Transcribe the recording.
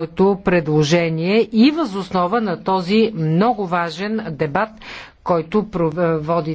своето предложение и възоснова на този много важен дебат, който проводите.